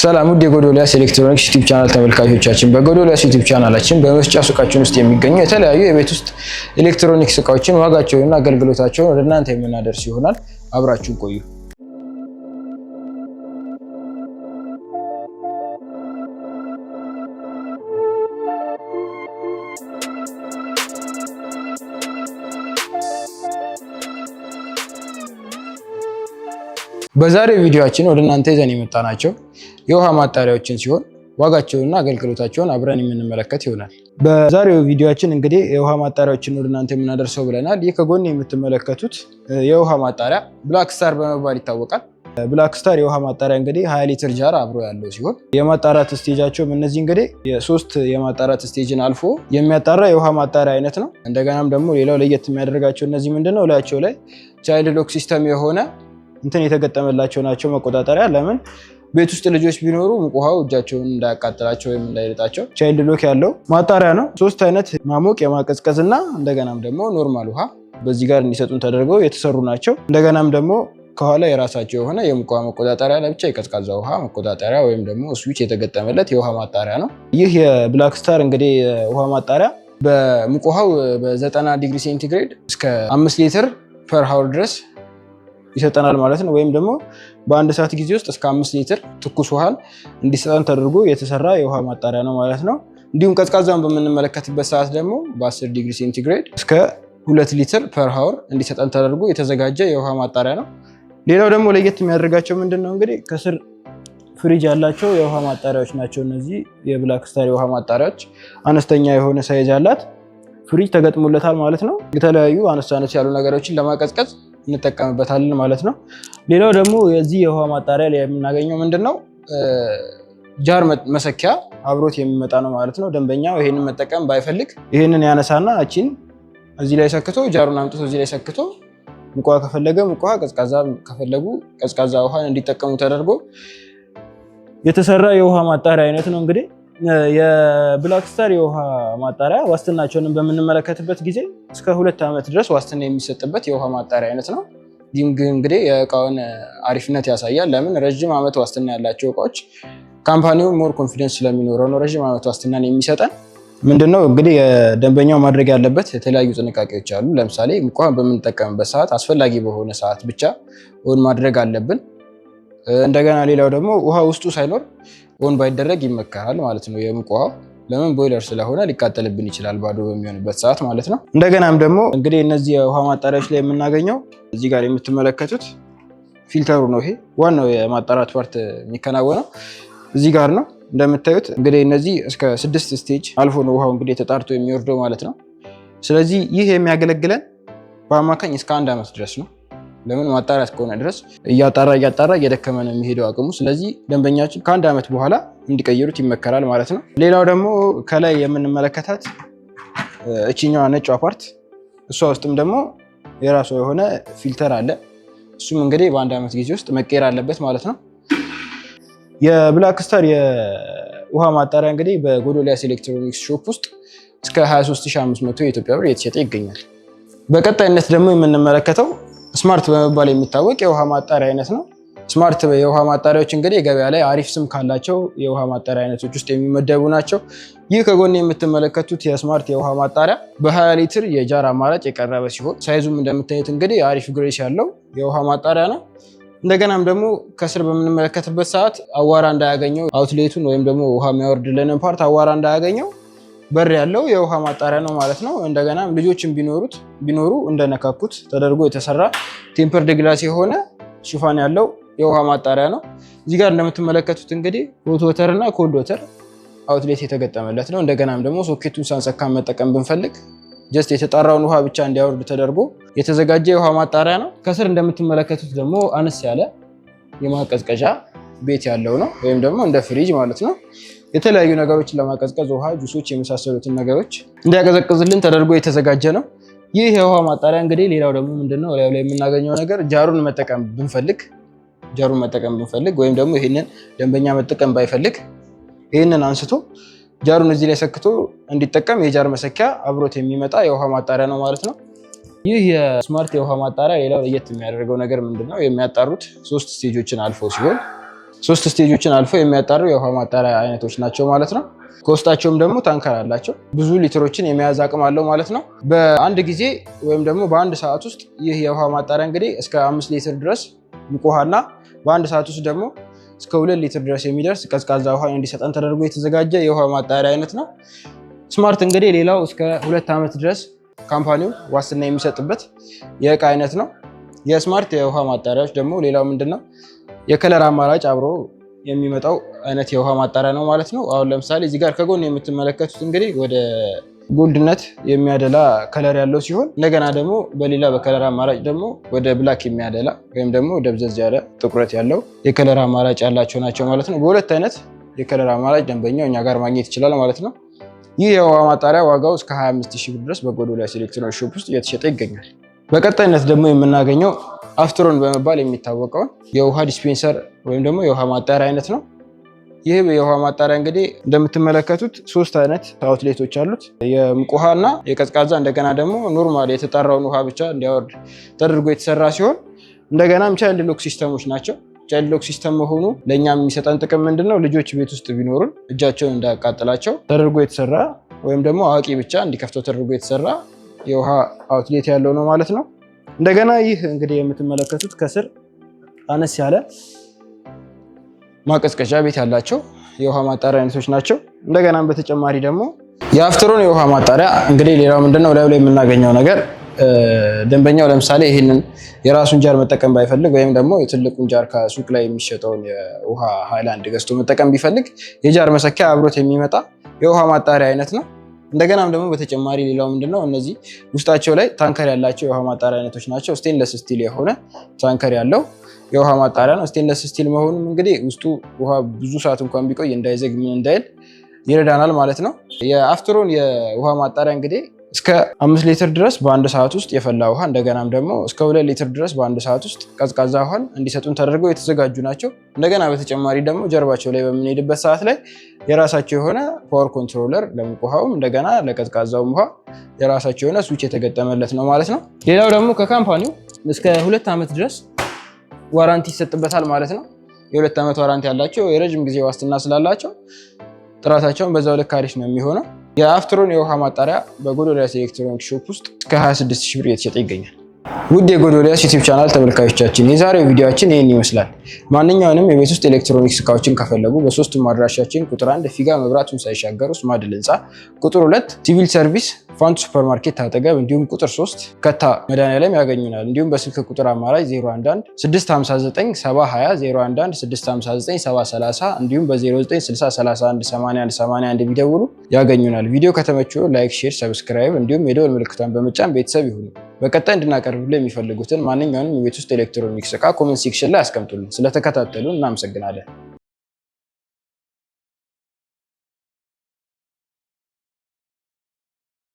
ሰላም ውድ የጎዶልያስ ኤሌክትሮኒክስ ዩቲዩብ ቻናል ተመልካቾቻችን፣ በጎዶልያስ ዩቲዩብ ቻናላችን በመስጫ ሱቃችን ውስጥ የሚገኙ የተለያዩ የቤት ውስጥ ኤሌክትሮኒክስ እቃዎችን ዋጋቸውንና አገልግሎታቸውን ወደ እናንተ የምናደርስ ይሆናል። አብራችሁ ቆዩ። በዛሬው ቪዲዮአችን ወደ እናንተ ይዘን የመጣናቸው የውሃ ማጣሪያዎችን ሲሆን ዋጋቸውንና አገልግሎታቸውን አብረን የምንመለከት ይሆናል። በዛሬው ቪዲዮችን እንግዲህ የውሃ ማጣሪያዎችን ወደ እናንተ የምናደርሰው ብለናል። ይህ ከጎን የምትመለከቱት የውሃ ማጣሪያ ብላክ ስታር በመባል ይታወቃል። ብላክ ስታር የውሃ ማጣሪያ እንግዲህ ሀያ ሊትር ጃር አብሮ ያለው ሲሆን የማጣራት ስቴጃቸውም እነዚህ እንግዲህ የሶስት የማጣራት ስቴጅን አልፎ የሚያጣራ የውሃ ማጣሪያ አይነት ነው። እንደገናም ደግሞ ሌላው ለየት የሚያደርጋቸው እነዚህ ምንድን ነው ላያቸው ላይ ቻይልድ ሎክ ሲስተም የሆነ እንትን የተገጠመላቸው ናቸው መቆጣጠሪያ ለምን ቤት ውስጥ ልጆች ቢኖሩ ውሃው እጃቸውን እንዳያቃጥላቸው ወይም እንዳይልጣቸው ቻይልድ ሎክ ያለው ማጣሪያ ነው። ሶስት አይነት ማሞቅ፣ የማቀዝቀዝ እና እንደገናም ደግሞ ኖርማል ውሃ በዚህ ጋር እንዲሰጡን ተደርገው የተሰሩ ናቸው። እንደገናም ደግሞ ከኋላ የራሳቸው የሆነ የሙቅ ውሃ መቆጣጠሪያ ለብቻ የቀዝቃዛ ውሃ መቆጣጠሪያ ወይም ደግሞ ስዊች የተገጠመለት የውሃ ማጣሪያ ነው። ይህ የብላክ ስታር እንግዲህ የውሃ ማጣሪያ በሙቅ ውሃው በ90 ዲግሪ ሴንቲግሬድ እስከ 5 ሊትር ፐር ሃውር ድረስ ይሰጠናል ማለት ነው። ወይም ደግሞ በአንድ ሰዓት ጊዜ ውስጥ እስከ አምስት ሊትር ትኩስ ውሃን እንዲሰጠን ተደርጎ የተሰራ የውሃ ማጣሪያ ነው ማለት ነው። እንዲሁም ቀዝቃዛውን በምንመለከትበት ሰዓት ደግሞ በ10 ዲግሪ ሴንቲግሬድ እስከ ሁለት ሊትር ፐር ሀወር እንዲሰጠን ተደርጎ የተዘጋጀ የውሃ ማጣሪያ ነው። ሌላው ደግሞ ለየት የሚያደርጋቸው ምንድን ነው እንግዲህ ከስር ፍሪጅ ያላቸው የውሃ ማጣሪያዎች ናቸው። እነዚህ የብላክ ስታር የውሃ ማጣሪያዎች አነስተኛ የሆነ ሳይዝ ያላት ፍሪጅ ተገጥሞለታል ማለት ነው። የተለያዩ አነስ አነስ ያሉ ነገሮችን ለማቀዝቀዝ እንጠቀምበታለን ማለት ነው። ሌላው ደግሞ የዚህ የውሃ ማጣሪያ ላይ የምናገኘው ምንድን ነው ጃር መሰኪያ አብሮት የሚመጣ ነው ማለት ነው። ደንበኛው ይሄንን መጠቀም ባይፈልግ ይሄንን ያነሳና እቺን እዚህ ላይ ሰክቶ ጃሩን አምጥቶ እዚህ ላይ ሰክቶ ሙቋ ከፈለገ ሙቋ፣ ቀዝቃዛ ከፈለጉ ቀዝቃዛ ውሃን እንዲጠቀሙ ተደርጎ የተሰራ የውሃ ማጣሪያ አይነት ነው እንግዲህ የብላክስታር የውሃ ማጣሪያ ዋስትናቸውንም በምንመለከትበት ጊዜ እስከ ሁለት ዓመት ድረስ ዋስትና የሚሰጥበት የውሃ ማጣሪያ አይነት ነው። ይህም እንግዲህ የእቃውን አሪፍነት ያሳያል። ለምን ረዥም ዓመት ዋስትና ያላቸው እቃዎች ካምፓኒው ሞር ኮንፊደንስ ስለሚኖረው ነው ረዥም ዓመት ዋስትናን የሚሰጠን። ምንድነው እንግዲህ የደንበኛው ማድረግ ያለበት የተለያዩ ጥንቃቄዎች አሉ። ለምሳሌ ሙቋን በምንጠቀምበት ሰዓት አስፈላጊ በሆነ ሰዓት ብቻ ሆን ማድረግ አለብን። እንደገና ሌላው ደግሞ ውሃ ውስጡ ሳይኖር ኦን ባይደረግ ይመከራል ማለት ነው። የሙቅ ውሃው ለምን ቦይለር ስለሆነ ሊቃጠልብን ይችላል፣ ባዶ በሚሆንበት ሰዓት ማለት ነው። እንደገናም ደግሞ እንግዲህ እነዚህ የውሃ ማጣሪያዎች ላይ የምናገኘው እዚህ ጋር የምትመለከቱት ፊልተሩ ነው። ይሄ ዋናው የማጣራት ፓርት የሚከናወነው እዚህ ጋር ነው። እንደምታዩት እንግዲህ እነዚህ እስከ ስድስት ስቴጅ አልፎ ነው ውሃው እንግዲህ ተጣርቶ የሚወርደው ማለት ነው። ስለዚህ ይህ የሚያገለግለን በአማካኝ እስከ አንድ ዓመት ድረስ ነው። ለምን ማጣሪያ እስከሆነ ድረስ እያጣራ እያጣራ እየደከመ ነው የሚሄደው አቅሙ። ስለዚህ ደንበኛችን ከአንድ ዓመት በኋላ እንዲቀይሩት ይመከራል ማለት ነው። ሌላው ደግሞ ከላይ የምንመለከታት እችኛዋ ነጭ አፓርት እሷ ውስጥም ደግሞ የራሷ የሆነ ፊልተር አለ። እሱም እንግዲህ በአንድ ዓመት ጊዜ ውስጥ መቀየር አለበት ማለት ነው። የብላክ ስታር የውሃ ማጣሪያ እንግዲህ በጎዶልያስ ኤሌክትሮኒክስ ሾፕ ውስጥ እስከ 23500 የኢትዮጵያ ብር እየተሸጠ ይገኛል። በቀጣይነት ደግሞ የምንመለከተው ስማርት በመባል የሚታወቅ የውሃ ማጣሪያ አይነት ነው። ስማርት የውሃ ማጣሪያዎች እንግዲህ ገበያ ላይ አሪፍ ስም ካላቸው የውሃ ማጣሪያ አይነቶች ውስጥ የሚመደቡ ናቸው። ይህ ከጎን የምትመለከቱት የስማርት የውሃ ማጣሪያ በ20 ሊትር የጃር አማራጭ የቀረበ ሲሆን ሳይዙም እንደምታዩት እንግዲህ አሪፍ ግሬስ ያለው የውሃ ማጣሪያ ነው። እንደገናም ደግሞ ከስር በምንመለከትበት ሰዓት አዋራ እንዳያገኘው አውትሌቱን ወይም ደግሞ ውሃ የሚያወርድልንን ፓርት አዋራ እንዳያገኘው በር ያለው የውሃ ማጣሪያ ነው ማለት ነው። እንደገና ልጆችን ቢኖሩት ቢኖሩ እንደነካኩት ተደርጎ የተሰራ ቴምፐርድ ግላስ የሆነ ሽፋን ያለው የውሃ ማጣሪያ ነው። እዚህ ጋር እንደምትመለከቱት እንግዲህ ሆት ወተር እና ኮልድ ወተር አውትሌት የተገጠመለት ነው። እንደገናም ደግሞ ሶኬቱን ሳንሰካ መጠቀም ብንፈልግ ጀስት የተጣራውን ውሃ ብቻ እንዲያወርድ ተደርጎ የተዘጋጀ የውሃ ማጣሪያ ነው። ከስር እንደምትመለከቱት ደግሞ አነስ ያለ የማቀዝቀዣ ቤት ያለው ነው፣ ወይም ደግሞ እንደ ፍሪጅ ማለት ነው። የተለያዩ ነገሮችን ለማቀዝቀዝ ውሃ፣ ጁሶች የመሳሰሉትን ነገሮች እንዲያቀዘቅዝልን ተደርጎ የተዘጋጀ ነው። ይህ የውሃ ማጣሪያ እንግዲህ ሌላው ደግሞ ምንድነው ላይ የምናገኘው ነገር ጃሩን መጠቀም ብንፈልግ ጃሩን መጠቀም ብንፈልግ ወይም ደግሞ ይህንን ደንበኛ መጠቀም ባይፈልግ ይህንን አንስቶ ጃሩን እዚህ ላይ ሰክቶ እንዲጠቀም የጃር መሰኪያ አብሮት የሚመጣ የውሃ ማጣሪያ ነው ማለት ነው። ይህ የስማርት የውሃ ማጣሪያ ሌላው ለየት የሚያደርገው ነገር ምንድነው የሚያጣሩት ሶስት ስቴጆችን አልፎ ሲሆን ሶስት ስቴጆችን አልፈው የሚያጣሩ የውሃ ማጣሪያ አይነቶች ናቸው ማለት ነው። ከውስጣቸውም ደግሞ ታንከር አላቸው። ብዙ ሊትሮችን የመያዝ አቅም አለው ማለት ነው። በአንድ ጊዜ ወይም ደግሞ በአንድ ሰዓት ውስጥ ይህ የውሃ ማጣሪያ እንግዲህ እስከ አምስት ሊትር ድረስ ይቆሃና በአንድ ሰዓት ውስጥ ደግሞ እስከ ሁለት ሊትር ድረስ የሚደርስ ቀዝቃዛ ውሃ እንዲሰጠን ተደርጎ የተዘጋጀ የውሃ ማጣሪያ አይነት ነው። ስማርት እንግዲህ ሌላው እስከ ሁለት ዓመት ድረስ ካምፓኒው ዋስትና የሚሰጥበት የእቃ አይነት ነው። የስማርት የውሃ ማጣሪያዎች ደግሞ ሌላው ምንድን ነው? የከለር አማራጭ አብሮ የሚመጣው አይነት የውሃ ማጣሪያ ነው ማለት ነው። አሁን ለምሳሌ እዚህ ጋር ከጎን የምትመለከቱት እንግዲህ ወደ ጎልድነት የሚያደላ ከለር ያለው ሲሆን እንደገና ደግሞ በሌላ በከለር አማራጭ ደግሞ ወደ ብላክ የሚያደላ ወይም ደግሞ ደብዘዝ ያለ ጥቁረት ያለው የከለር አማራጭ ያላቸው ናቸው ማለት ነው። በሁለት አይነት የከለር አማራጭ ደንበኛው እኛ ጋር ማግኘት ይችላል ማለት ነው። ይህ የውሃ ማጣሪያ ዋጋው እስከ 25 ሺህ ብር ድረስ በጎዶልያስ ኤሌክትሮኒክስ ሾፕ ውስጥ እየተሸጠ ይገኛል። በቀጣይነት ደግሞ የምናገኘው አፍትሮን በመባል የሚታወቀውን የውሃ ዲስፔንሰር ወይም ደግሞ የውሃ ማጣሪያ አይነት ነው። ይህ የውሃ ማጣሪያ እንግዲህ እንደምትመለከቱት ሶስት አይነት አውትሌቶች አሉት። የሙቅ ውሃ እና የቀዝቃዛ እንደገና ደግሞ ኖርማል የተጣራውን ውሃ ብቻ እንዲያወርድ ተደርጎ የተሰራ ሲሆን እንደገናም ቻይልድ ሎክ ሲስተሞች ናቸው። ቻይልድ ሎክ ሲስተም መሆኑ ለእኛ የሚሰጠን ጥቅም ምንድነው ልጆች ቤት ውስጥ ቢኖሩን እጃቸውን እንዳያቃጥላቸው ተደርጎ የተሰራ ወይም ደግሞ አዋቂ ብቻ እንዲከፍተው ተደርጎ የተሰራ የውሃ አውትሌት ያለው ነው ማለት ነው። እንደገና ይህ እንግዲህ የምትመለከቱት ከስር አነስ ያለ ማቀዝቀዣ ቤት ያላቸው የውሃ ማጣሪያ አይነቶች ናቸው። እንደገናም በተጨማሪ ደግሞ የአፍትሮን የውሃ ማጣሪያ እንግዲህ ሌላው ምንድነው ላዩ ላይ የምናገኘው ነገር ደንበኛው ለምሳሌ ይህንን የራሱን ጃር መጠቀም ባይፈልግ ወይም ደግሞ የትልቁን ጃር ከሱቅ ላይ የሚሸጠውን የውሃ ሃይላንድ ገዝቶ መጠቀም ቢፈልግ የጃር መሰኪያ አብሮት የሚመጣ የውሃ ማጣሪያ አይነት ነው። እንደገናም ደግሞ በተጨማሪ ሌላው ምንድነው እነዚህ ውስጣቸው ላይ ታንከር ያላቸው የውሃ ማጣሪያ አይነቶች ናቸው። ስቴንለስ ስቲል የሆነ ታንከር ያለው የውሃ ማጣሪያ ነው። ስቴንለስ ስቲል መሆኑም እንግዲህ ውስጡ ውሃ ብዙ ሰዓት እንኳን ቢቆይ እንዳይዘግ ምን እንዳይል ይረዳናል ማለት ነው። የአፍትሮን የውሃ ማጣሪያ እንግዲህ እስከ አምስት ሊትር ድረስ በአንድ ሰዓት ውስጥ የፈላ ውሃ እንደገናም ደግሞ እስከ ሁለት ሊትር ድረስ በአንድ ሰዓት ውስጥ ቀዝቃዛ ውሃን እንዲሰጡን ተደርገው የተዘጋጁ ናቸው። እንደገና በተጨማሪ ደግሞ ጀርባቸው ላይ በምንሄድበት ሰዓት ላይ የራሳቸው የሆነ ፓወር ኮንትሮለር ለሙቅ ውሃውም እንደገና ለቀዝቃዛውም ውሃ የራሳቸው የሆነ ስዊች የተገጠመለት ነው ማለት ነው። ሌላው ደግሞ ከካምፓኒው እስከ ሁለት ዓመት ድረስ ዋራንቲ ይሰጥበታል ማለት ነው። የሁለት ዓመት ዋራንቲ ያላቸው የረዥም ጊዜ ዋስትና ስላላቸው ጥራታቸውን በዛው ልክ አሪፍ ነው የሚሆነው። የአፍትሮን የውሃ ማጣሪያ በጎዶልያስ ኤሌክትሮኒክ ሾፕ ውስጥ እስከ 26 ሺህ ብር እየተሸጠ ይገኛል። ውድ የጎዶልያስ ዩቲዩብ ቻናል ተመልካዮቻችን የዛሬው ቪዲዮችን ይህን ይመስላል። ማንኛውንም የቤት ውስጥ ኤሌክትሮኒክስ እቃዎችን ከፈለጉ በሶስቱም አድራሻችን ቁጥር አንድ ፊጋ መብራቱን ሳይሻገር ውስጥ ማድል ህንፃ፣ ቁጥር ሁለት ሲቪል ሰርቪስ ፋንቱ ሱፐርማርኬት አጠገብ እንዲሁም ቁጥር 3 ከታ መድኃኒዓለም ያገኙናል። እንዲሁም በስልክ ቁጥር አማራጭ 011 659 720 011 659 730 እንዲሁም በ0960318181 ቢደውሉ ያገኙናል። ቪዲዮ ከተመቹ ላይክ፣ ሼር፣ ሰብስክራይብ እንዲሁም የደወል ምልክቷን በመጫን ቤተሰብ ይሁኑ። በቀጣይ እንድናቀርብላ የሚፈልጉትን ማንኛውንም የቤት ውስጥ ኤሌክትሮኒክስ እቃ ኮመንት ሴክሽን ላይ አስቀምጡልን። ስለተከታተሉ እናመሰግናለን።